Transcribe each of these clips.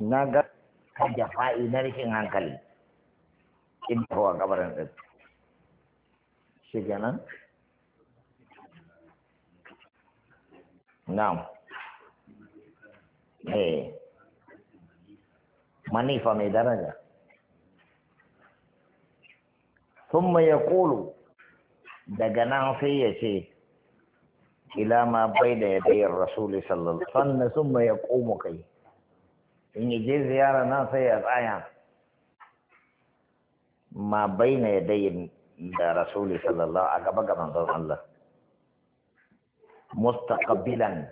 na ga fa'i na rikin hankali in kowa kabarin ɗin shi ganin? na eh manifa mai daraja Sun maye kolo daga nan sai ya ce ila ma bai da ya bayar rasuli sallallahu sannan sun mai ya kai in ya je ziyara nan sai ya tsaya ma baina ya dai da rasuli sallallahu a gaba ga manzon Allah mustaqbilan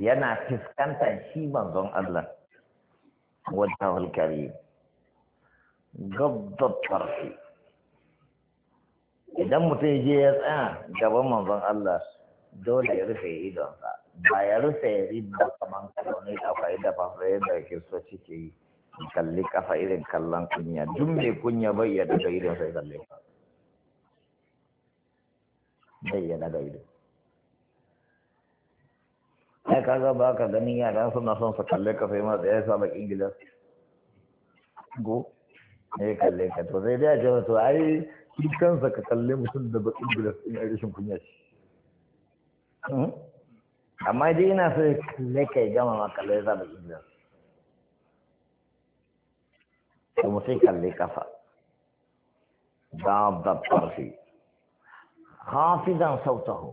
yana fiskantar shi manzon Allah wajhul karim gabdat tarfi idan mutum ya je ya tsaya gaban manzon Allah dole ya rufe idonsa ba ya rufe riba kamar kalonai a fa'ida ba fa'ida da shi ke yi kalli kafa irin kallon kunya duk mai kunya bai ya daga irin sai kalli ba bai ya daga ido Ya kaga ba ka ganin yara suna son su kalli kafa sai ma tsaye sa bakin gidan go ne kalli ka to sai dai a ce to ai dukkan sa ka kalli mutum da bakin gidan in rashin kunya ce hmm? amma dai ina so kalle ka gama ma kalle za ba inda to mu sai kalle kafa dabba farfi hafizan sautahu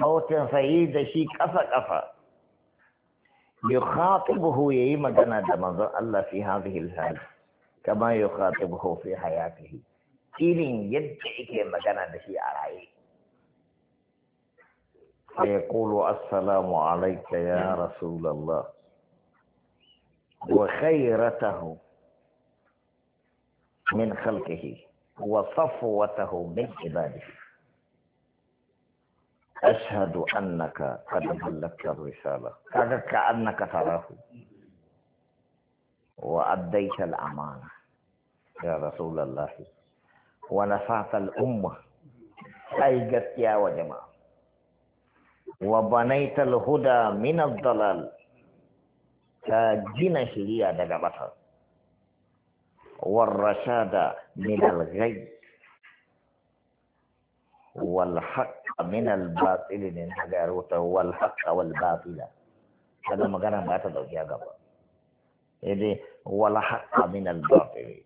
sautin sai da shi kafa kafa yukhatibuhu yayi magana da manzon Allah fi hadhihi al-hal kama yukhatibuhu fi hayatihi irin yadda yake magana da shi a rayuwa فيقول السلام عليك يا نعم. رسول الله وخيرته من خلقه وصفوته من عباده أشهد أنك قد بلغت الرسالة كأنك تراه وأديت الأمانة يا رسول الله ونفعت الأمة أي يا وجماعة وبنيت الهدى من الضلال كجنا شريعة دقبتها والرشاد من الغي والحق من الباطل من والحق والباطل هذا ما كان ما تدعو يا قبل والحق من الباطل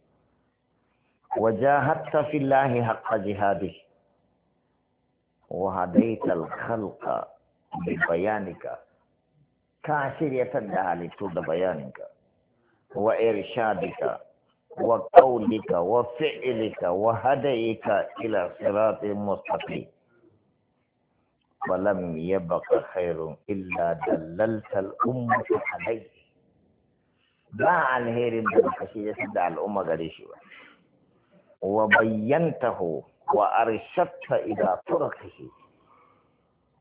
وجاهدت في الله حق جهاده وهديت الخلق ببيانك كاشرية دهالي تود بيانك وإرشادك وقولك وفعلك وهديك إلى صراط مستقيم ولم يبق خير إلا دللت الأمة عليه عن هير بالخشية سدع الأمة غريشوة وبينته وأرشدت إلى طرقه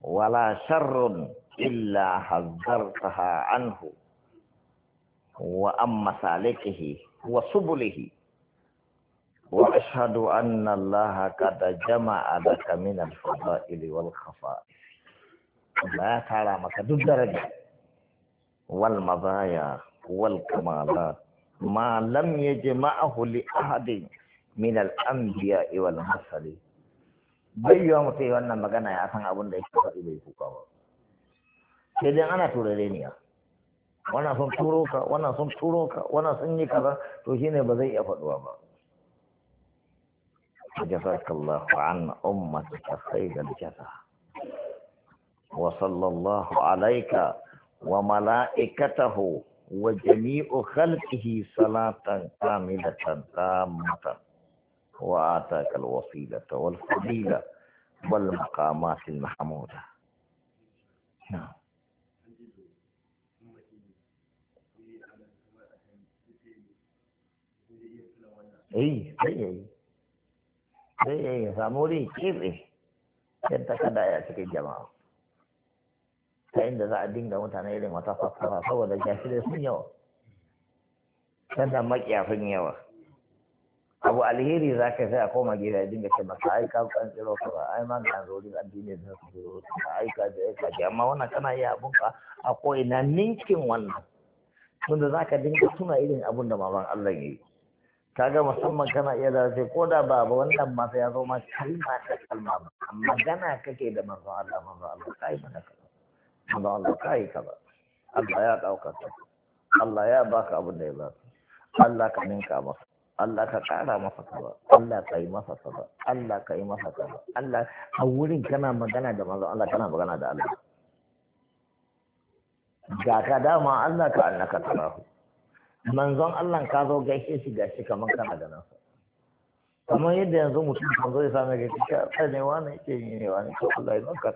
ولا شر إلا حذرتها عنه وأما سالكه وسبله وأشهد أن الله قد جمع لك من الفضائل والخصائص لا تعالى ما الدرجة والمضايا والكمالات ما لم يجمعه لأحد من الأنبياء والمرسلين bai wa mutum wannan magana ya san abin da yake faɗi bai kuka ba sai dai ana turare ne wannan sun turo ka wannan sun turo ka wannan sun yi kaza to shi ne ba zai iya faɗuwa ba جزاك الله عن أمتك خير الجزاء وصلى الله عليك وملائكته وجميع خلقه صلاة كاملة تامة وآتاك الوصيلة والفضيلة والمقامات المحمودة نعم اي اي اي اي اي اي اي اي اي فإن ذا الدين دون تنيل وتفصفها فهو ذا جاهل سنيو فإن ذا مكيا فنيوه abu alheri za ka sai a koma gida ya dinga ce maka aika ka an tsiro ka ba ai ma ga din addini da su zo ka ai ka je ka amma wannan kana yi abun ka a ina ninkin wannan tunda za ka dinga tuna irin abun da maman Allah ya yi kaga musamman kana iya da sai ko da ba ba wannan ma sai ya zo ma kalma ta kalma ba magana kake da manzo Allah manzo Allah kai mana ka manzo Allah kai ba Allah ya dauka Allah ya baka abun da ya ba Allah ka ninka maka Allah ka ƙara masa kaza Allah ka yi masa kaza Allah ka yi masa kaza Allah a wurin kana magana da manzon Allah kana magana da Allah ga ka dama Allah ka annaka tarahu manzon Allah ka zo gaishe shi gashi kamar kana da nasa kamar yadda yanzu mutum kan zo ya same ka kika kai ne wani yake yi ne wani to Allah ya maka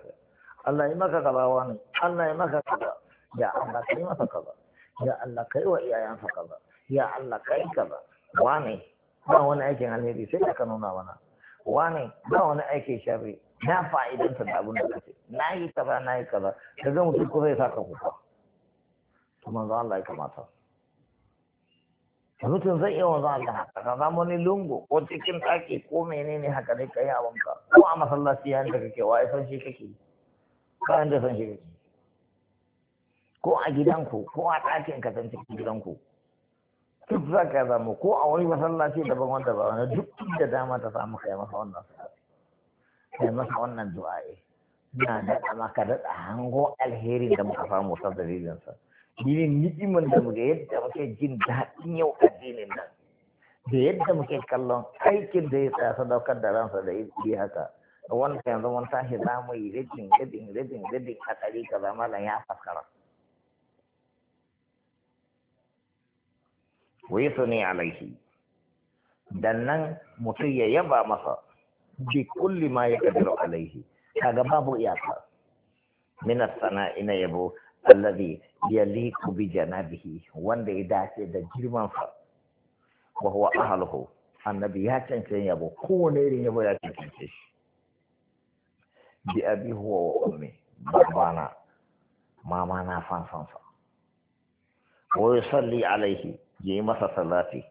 Allah ya maka kaza wani Allah ya maka kaza ya Allah ka yi masa kaza ya Allah ka yi wa iyayensa kaza ya Allah ka yi kaza wane ba wani aikin alheri sai ka nuna mana wane ba wani aikin sharri na fa'idanta da abin da kace na yi kaza na yi kaza zan ga mutum kuma ya saka kuka to manzo Allah ya kamata mutum zai iya wanzu Allah haka ka zama wani lungu ko cikin ɗaki ko menene haka ne yi a wanka ko a masallaci yayin da kake wa san shi kake ka yanda san shi kake ko a gidanku ko a ɗakin ka san cikin gidanku duk za ka zama ko a wani masallaci daban wanda ba wani duk da dama ta samu kai masa wannan kai masa wannan du'a'i na daɗa maka daɗa hango alherin da muka samu ta dalilinsa ni ni'iman da muke yadda muke jin daɗin yau addinin nan da yadda muke kallon aikin da ya tsaya sadaukar da ransa da ya haka wanda yanzu mun tashi za mu yi ridin ridin ridin ridin a tsari kaza malam ya faskara wai su ne alaihi dan nan mutum ya yaba masa bi kulli ma ya kadiru alaihi kaga babu iyaka min sana'i yabo Alabi yaliku bi janabihi wanda ya dace da girman sa wa huwa annabi ya cancanta yabo kowane irin yabo ya cancanta shi bi abi huwa wa ummi babana mama na wa yusalli alaihi yi masa salati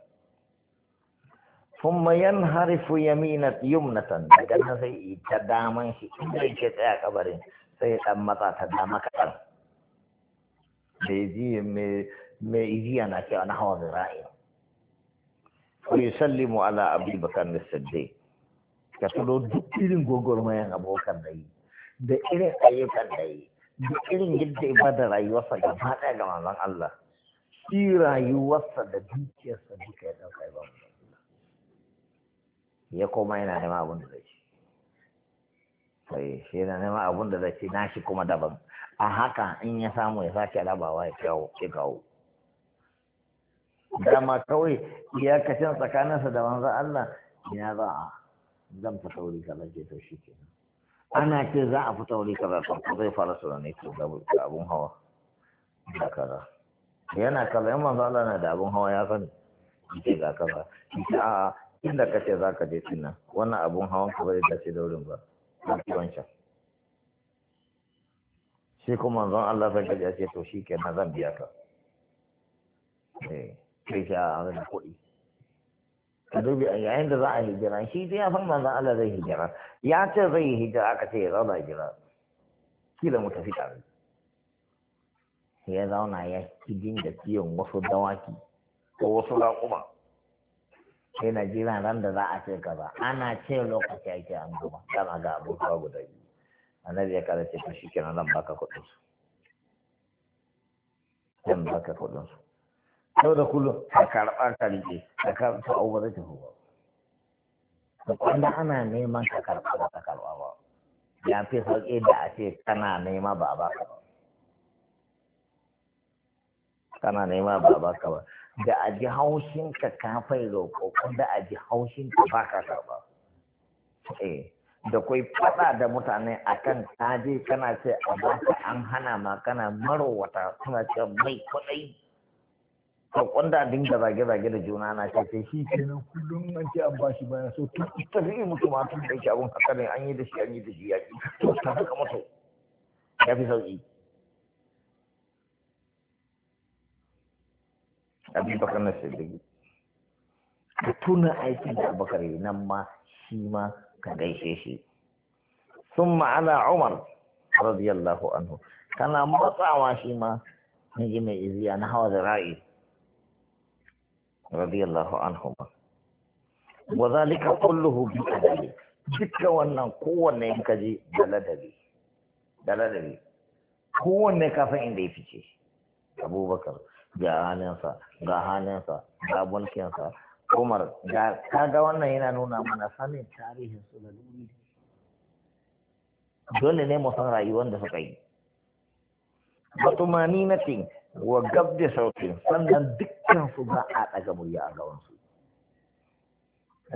thumma yanharifu yaminat yumnatan daga nan sai ta daman shi inda yake tsaya kabarin sai ya dan matsa ta dama kaɗan mai ijiya na cewa na hawa zira'i sallimu ala abu bakar da sadde ka tulo duk irin gogormayan abokan da yi da irin ayyukan da yi da irin yadda ibada rayuwarsa ga ɗaya ga manzon Allah shi rayuwarsa da dukiyarsa duka ya ɗauka ya ba ya koma yana nema abin da zai ci sai shi yana nema abin da zai ci na shi kuma daban a haka in ya samu ya sake rabawa ya kawo ya kawo dama kawai iyakacin tsakaninsa da manzon Allah ya za a zan fita wuri kaza ke to shi ke ana ce za a fita wuri kaza to zai fara sunanai to ga abun hawa da kaza yana kaza yan manzo Allah na da abun hawa ya sani ce ga kaza ce, a inda ka ce za ka je tunan wannan abun hawan ka bai dace da wurin ba ki wancan shi kuma manzon Allah sai kaje ce to shi kenan zan biya ka eh kai sha an kuɗi ka dubi yayin da za a hijira shi dai ya san manzon Allah zai hijira ya ce zai hijira aka ce ya zauna hijira kila mu tafi tare ya zauna ya kijin da kiyon wasu dawaki ko wasu raƙuma sai na jira ran da za a ce kaza ana ce lokaci ake an gama kana ga abubuwa guda biyu annabi ya kada ce shi kenan zan baka kuɗin su zan baka kuɗin su sau da kullum a karɓa ta riƙe a karɓa ta ba zai tafi ba wanda ana neman ka karɓa ba ka karɓa ba ya fi sauƙi da a ce kana nema ba a baka ba kana nema ba ba ka ba da a ji haushin ka kafai roƙo da a ji haushin ka ba ka karɓa eh da kai faɗa da mutane akan taje kana ce a baka an hana ma kana marowata kana ce mai kuɗai roƙon da dinga zage-zage da juna na ce sai shi kenan kullum an ce an bashi baya so tun ita zai mutu ma tun da yake abun haka ne an yi da shi an yi da shi ki to ta mutu ya fi sauƙi bakar na siddiqi ka tuna aikin da abubakar yi nan ma shi ma ka gaishe shi sun ma'ana umar radiyallahu anhu kana matsawa shi ma na ji mai iziya na hawa da ra'i radiyallahu anhu ma wa zalika kulluhu bi dare. dukkan wannan kowanne in kaji da ladabi da ladabi kowanne kafin inda ya fice abubakar ga halinsa ga halinsa ga mulkinsa kumar ga wannan yana nuna mana sanin tarihin su da dole ne mu san rayuwar da suka yi batumani na tin wa gab da sannan dukkan su ba a daga murya a gaban su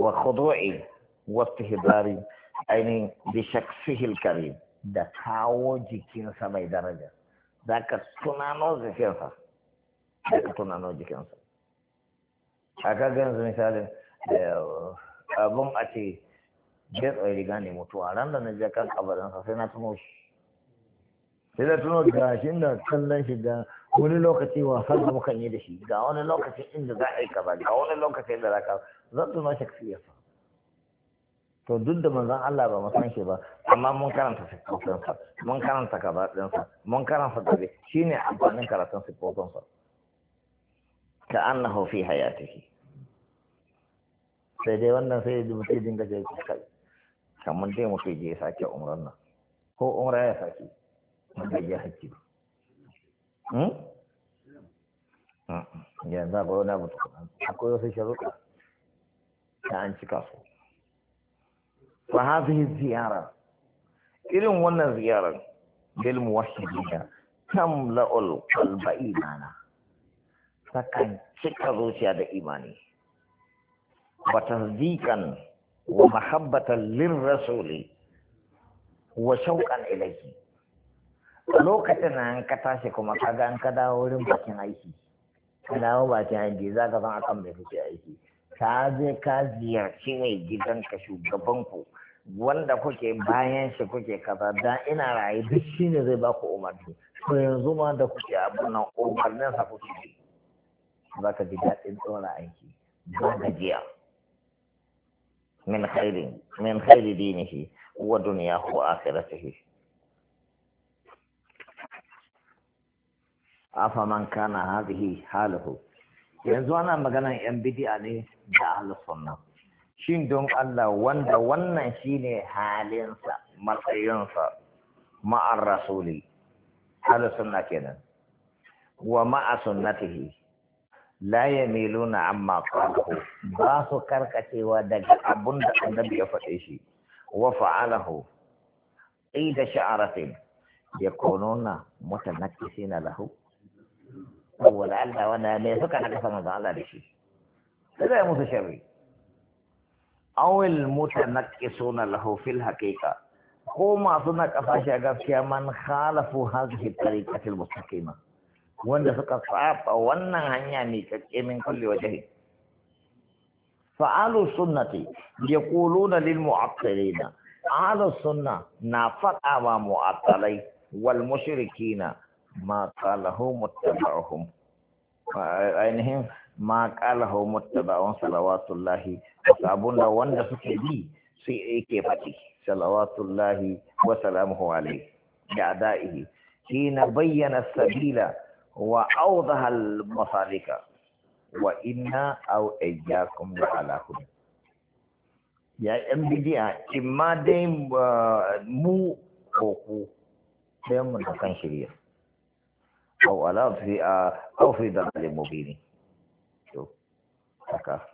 wa khudu'i wa istihdari ainihin bi shaksihil karim da kawo jikinsa mai daraja zaka tunano jikinsa sai ka tunano jikinsa a kaga yanzu misalin eh, abin a ce bai tsaye riga ne mutuwa ran da na je kan kabarinsa sai na tuno shi sai na tuno ga shi da kallon shi ga wani lokaci wasan da mukan yi da shi ga wani lokacin inda za a yi kaza ga wani lokacin inda za ka zan tuno shakfiyarsa to duk da manzon Allah ba mu san shi ba amma mun karanta sifofinsa mun karanta kabarinsa mun karanta gabe shine amfanin karatun sifofinsa ka annahu fi hayatihi sai dai wannan sai da mutum dinga je kai kamar dai mutum je sake umran nan ko umra ya sake wanda ya haƙƙi hmm? Hmm. yanzu akwai wani abu akwai wasu sharuɗa ta an cika su fa hazihi ziyara irin wannan ziyarar bil muwahhidina tamla'ul qalba imana takan cika zuciya da imani wa tasdiqan wa mahabbatan rasuli wa shauqan ilayhi lokacin nan ka tashi kuma ka ga an ka dawo wurin bakin aiki ka dawo bakin aiki za ka san akan mai kuke aiki ka je ka ziyarci mai gidan shugaban shugabanku wanda kuke bayan shi kuke kaza da ina rayu duk shine zai baku umarni to yanzu ma da kuke abin nan sa kuke yi. za ka ji daɗin tsona aiki ba gajiya min khairi min khairi dinihi wa dunyahu ta shi afa man kana hadhihi haluhu yanzu ana maganan yan bid'a ne da ahlus sunna shin don Allah wanda wannan shine halinsa matsayinsa ma'ar rasuli ahlus sunna kenan wa ma'a sunnatihi la yamiluna amma qalahu ba su karkacewa daga abun da annabi ya faɗe shi wa fa'alahu mutan na yakununa na lahu saboda Allah wanda mai suka haka sama da Allah da shi sai da musu sharri awil na lahu fil haƙiƙa ko masu na kafa shi a gaskiya man khalafu hadhihi tariqatil mustaqimah wanda suka saba wannan hanya ne kakke min kulli wajhi fa'alu sunnati yaquluna lil mu'attilina ala sunna na faɗa wa mu'attalai wal mushrikina ma qalahu muttaba'uhum ainihin ma qalahu muttaba'un salawatullahi sabun da wanda suke bi sai yake faɗi salawatullahi wa salamuhu alayhi da da'ihi hina bayyana sabila wa awdahal masalika wa inna aw iyyakum la ala ya yan bidiya imma dai mu ko ku sai mu da kan shirya aw ala fi aw fi dalil mubini to haka